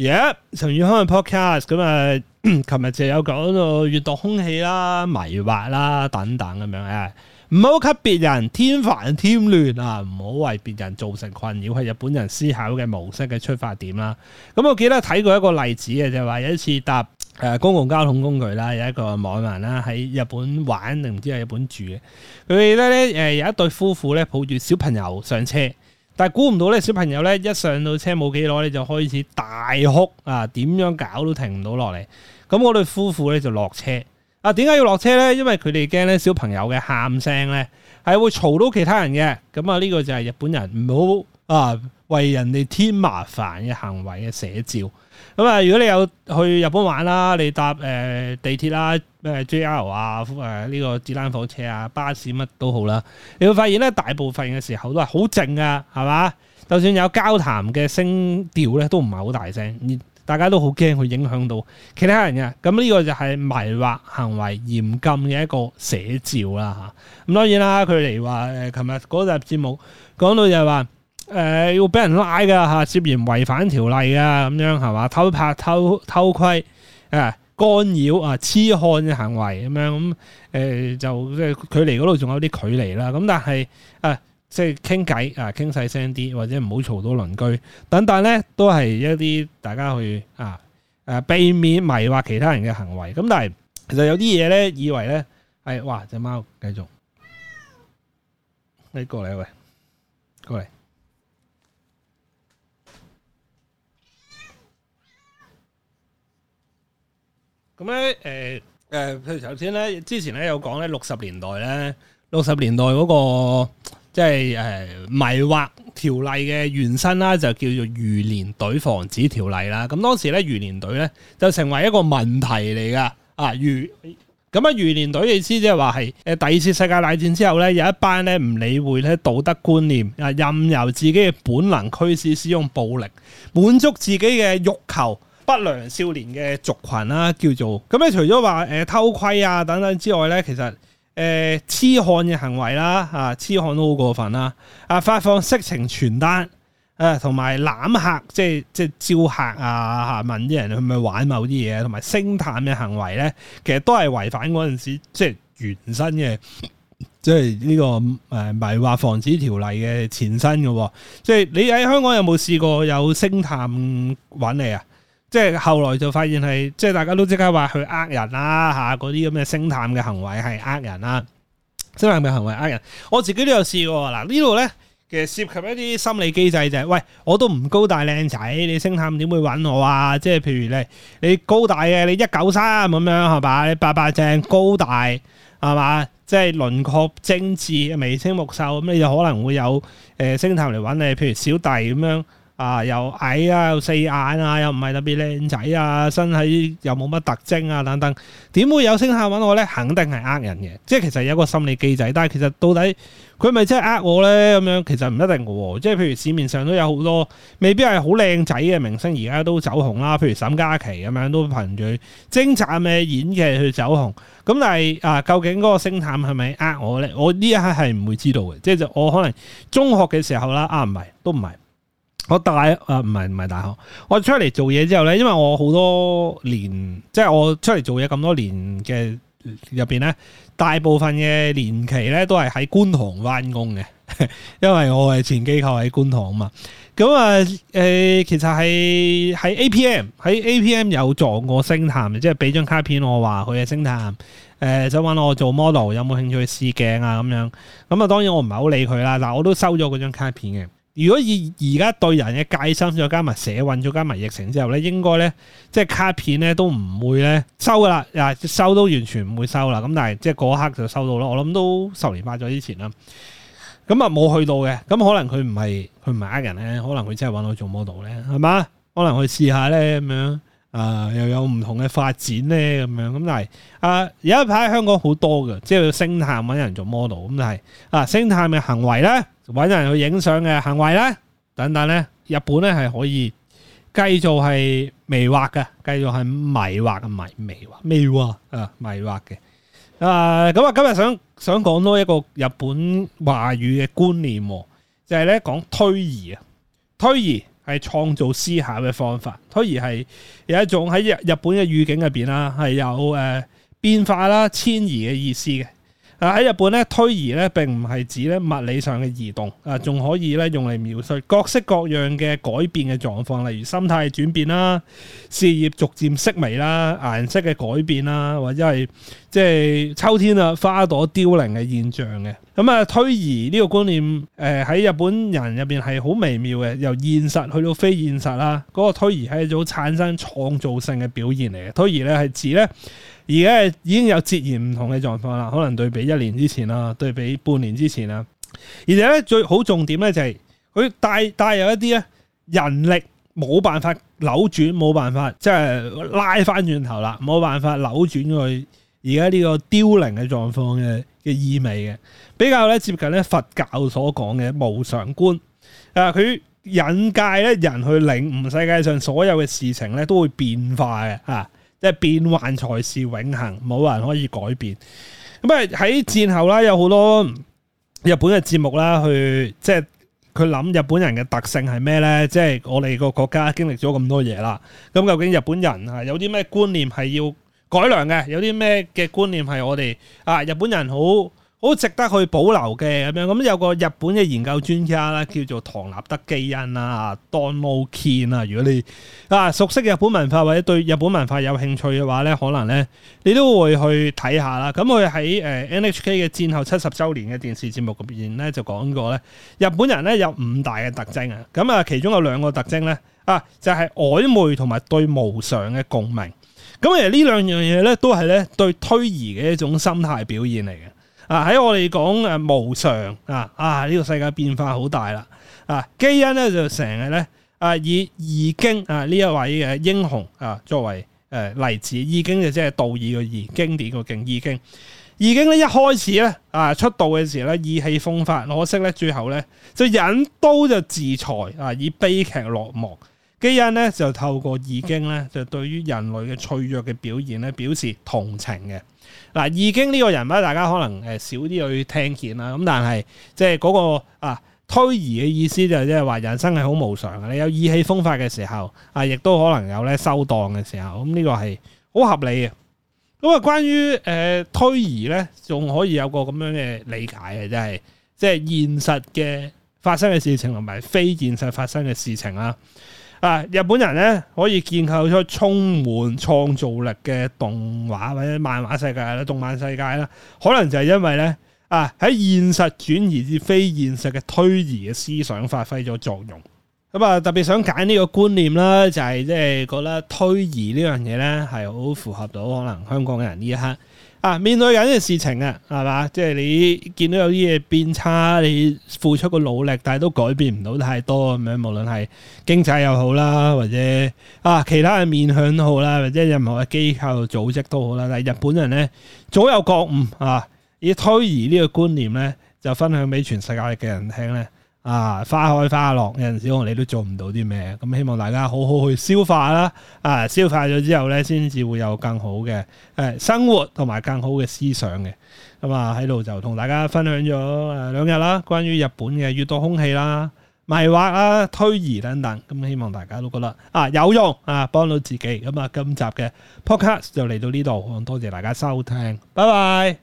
而家陳宇康嘅 podcast 咁、嗯、啊，琴日就有講到閲讀空氣啦、迷惑啦等等咁樣誒，唔好給別人添煩添亂啊，唔好為別人造成困擾係日本人思考嘅模式嘅出發點啦。咁、嗯、我記得睇過一個例子嘅，就係、是、話有一次搭誒公共交通工具啦，有一個網民啦喺日本玩定唔知喺日本住嘅，佢記得咧誒有一對夫婦咧抱住小朋友上車。但估唔到咧，小朋友咧一上到車冇幾耐，你就開始大哭啊！點樣搞都停唔到落嚟。咁我對夫婦咧就落車。啊，點解要落車呢？因為佢哋驚咧小朋友嘅喊聲呢係會嘈到其他人嘅。咁啊，呢個就係日本人唔好。啊，為人哋添麻煩嘅行為嘅寫照。咁、嗯、啊，如果你有去日本玩啦，你搭誒、呃、地鐵啦、誒、呃、JR 啊、誒、呃、呢、這個子彈火車啊、巴士乜都好啦，你會發現咧，大部分嘅時候都係好靜噶，係嘛？就算有交談嘅聲調咧，都唔係好大聲，大家都好驚去影響到其他人嘅。咁、嗯、呢、這個就係迷惑行為嚴禁嘅一個寫照啦，嚇、嗯。咁當然啦，佢哋話誒，琴日嗰集節目講到就係話。誒、呃、要俾人拉㗎嚇，涉嫌違反條例㗎咁樣係嘛？偷拍、偷偷窺啊、干擾啊、痴漢嘅行為咁樣。咁誒、啊呃，就即係距離嗰度仲有啲距離啦。咁但係啊，即係傾偈啊，傾細聲啲或者唔好嘈到鄰居等等呢。但咧都係一啲大家去啊誒、啊，避免迷惑其他人嘅行為。咁但係其實有啲嘢咧，以為咧係、哎、哇隻貓繼續你過嚟喂，過嚟。過咁咧，誒誒，譬、呃、如頭先咧，之前咧有講咧，六十年代咧，六十年代嗰、那個即係、就是呃、迷惑條例嘅原身啦，就叫做漁連隊防止條例啦。咁當時咧，漁連隊咧就成為一個問題嚟噶啊！咁啊漁連隊意思即係話係誒第二次世界大戰之後咧，有一班咧唔理會咧道德觀念啊，任由自己嘅本能驅使，使用暴力滿足自己嘅慾求。不良少年嘅族群啦，叫做咁咧。除咗話誒偷窺啊等等之外咧，其實誒痴漢嘅行為啦，吓痴漢都好過分啦。啊，發放色情傳單啊，同埋攬客，即係即係招客啊，問啲人去唔去玩某啲嘢，同埋星探嘅行為咧，其實都係違反嗰陣時即係原生嘅，即係呢個誒迷惑防止條例嘅前身嘅，即係你喺香港有冇試過有星探揾你啊？即係後來就發現係，即係大家都即刻話去呃人啦、啊、嚇，嗰啲咁嘅星探嘅行為係呃人啦、啊，星探嘅行為呃人。我自己都有試過，嗱，呢度咧其實涉及一啲心理機制就啫、係。喂，我都唔高大靚仔，你星探點會揾我啊？即係譬如你你高大嘅，你一九三咁樣係咪？你白白淨高大係嘛？即係、就係、輪廓精緻、眉清目秀咁，你就可能會有誒星、呃、探嚟揾你，譬如小弟咁樣。啊！又矮啊，又四眼啊，又唔係特別靚仔啊，身體又冇乜特徵啊，等等，點會有星探揾我呢？肯定係呃人嘅，即係其實有個心理機制。但係其實到底佢咪真係呃我呢？咁樣其實唔一定嘅。即係譬如市面上都有好多未必係好靚仔嘅明星，而家都走紅啦。譬如沈嘉琪咁樣，都憑住精湛嘅演技去走紅。咁但係啊，究竟嗰個星探係咪呃我呢？我呢一刻係唔會知道嘅。即係就我可能中學嘅時候啦，啊唔係，都唔係。我大啊，唔係唔係大學，我出嚟做嘢之後咧，因為我好多年，即係我出嚟做嘢咁多年嘅入邊咧，大部分嘅年期咧都係喺觀塘翻工嘅，因為我係前機構喺觀塘啊嘛。咁啊，誒，其實係喺 APM，喺 APM 有撞過星探，即係俾張卡片我話佢係星探，誒、呃，想搵我做 model，有冇興趣試鏡啊咁樣。咁、嗯、啊，當然我唔係好理佢啦，但係我都收咗嗰張卡片嘅。如果而而家對人嘅戒心，再加埋社運，再加埋疫情之後咧，應該咧，即係卡片咧都唔會咧收噶啦，嗱收都完全唔會收啦。咁但係即係嗰一刻就收到咯。我諗都十年八載之前啦。咁啊冇去到嘅，咁可能佢唔係佢唔係呃人咧，可能佢真係揾我做 model 咧，係嘛？可能去試下咧咁樣。啊、呃，又有唔同嘅發展咧，咁樣咁，但係啊、呃，有一排香港好多嘅，即係星探揾人做 model，咁但係啊，星探嘅行為咧，揾人去影相嘅行為咧，等等咧，日本咧係可以繼續係迷惑嘅，繼續係迷惑嘅迷迷惑，啊，迷惑嘅啊，咁啊、呃，今日想想講多一個日本話語嘅觀念，就係咧講推移啊，推移。係創造思考嘅方法，推而係有一種喺日日本嘅語境入邊啦，係有誒變化啦、遷移嘅意思嘅。啊！喺日本咧，推移咧並唔係指咧物理上嘅移動，啊，仲可以咧用嚟描述各式各樣嘅改變嘅狀況，例如心態轉變啦、事業逐漸式微啦、顏色嘅改變啦，或者係即係秋天啊花朵凋零嘅現象嘅。咁啊，推移呢個觀念，誒喺日本人入邊係好微妙嘅，由現實去到非現實啦。嗰個推移係一種產生創造性嘅表現嚟嘅。推移咧係指咧。而家已經有截然唔同嘅狀況啦，可能對比一年之前啦，對比半年之前啦。而且咧最好重點咧就係佢帶帶有一啲咧人力冇辦法扭轉，冇辦法即係、就是、拉返轉頭啦，冇辦法扭轉佢而家呢個凋零嘅狀況嘅嘅意味嘅，比較咧接近咧佛教所講嘅無常觀。啊，佢引介咧人去領悟世界上所有嘅事情咧都會變化嘅啊。即係變幻才是永恆，冇人可以改變。咁啊喺戰後啦，有好多日本嘅節目啦，就是、去即係佢諗日本人嘅特性係咩咧？即、就、係、是、我哋個國家經歷咗咁多嘢啦，咁究竟日本人啊有啲咩觀念係要改良嘅？有啲咩嘅觀念係我哋啊日本人好？好值得去保留嘅咁樣，咁有個日本嘅研究專家啦，叫做唐納德基恩啊 Donald Keene 啊。Ok、in, 如果你啊熟悉日本文化或者對日本文化有興趣嘅話咧，可能咧你都會去睇下啦。咁佢喺誒 NHK 嘅戰後七十周年嘅電視節目入邊咧，就講過咧，日本人咧有五大嘅特徵啊。咁啊，其中有兩個特徵咧，啊就係、是、曖昧同埋對無常嘅共鳴。咁其實呢兩樣嘢咧，都係咧對推移嘅一種心態表現嚟嘅。啊！喺我哋講誒無常啊啊！呢、啊這個世界變化好大啦！啊，基因咧就成日咧啊以義經啊呢一位嘅英雄啊作為誒、啊、例子，義經就即係道義嘅義經典個經，義經義經咧一開始咧啊出道嘅時候咧意氣風發，可惜咧最後咧就引刀就自裁啊，以悲劇落幕。基因咧就透過易經咧，就對於人類嘅脆弱嘅表現咧表示同情嘅。嗱，易經呢個人物，大家可能誒少啲去聽見啦。咁但係即係嗰個啊推移嘅意思就即係話人生係好無常嘅。你有意氣風發嘅時候啊，亦都可能有咧收檔嘅時候。咁、嗯、呢、呢個係好合理嘅。咁啊，關於誒、啊、推移咧，仲可以有個咁樣嘅理解嘅，就係即係現實嘅發生嘅事情同埋非現實發生嘅事情啦。啊！日本人咧可以建構出充滿創造力嘅動畫或者漫畫世界啦、動漫世界啦，可能就係因為咧啊喺現實轉移至非現實嘅推移嘅思想發揮咗作用。咁啊，特別想揀呢個觀念啦，就係即係覺得推移呢樣嘢咧係好符合到可能香港人呢一刻。啊，面對緊嘅事情啊，係嘛？即係你見到有啲嘢變差，你付出個努力，但係都改變唔到太多咁樣。無論係經濟又好啦，或者啊其他嘅面向都好啦，或者任何嘅機構的組織都好啦。但係日本人咧，早有覺悟啊，以推移呢個觀念咧，就分享俾全世界嘅人聽咧。啊，花開花落有陣時，我哋都做唔到啲咩？咁希望大家好好去消化啦！啊，消化咗之後咧，先至會有更好嘅生活同埋更好嘅思想嘅。咁啊喺度就同大家分享咗兩日啦，關於日本嘅閲讀空氣啦、迷畫啊、推移等等。咁希望大家都覺得啊有用啊，幫到自己。咁啊，今集嘅 podcast 就嚟到呢度，多謝大家收聽，拜拜。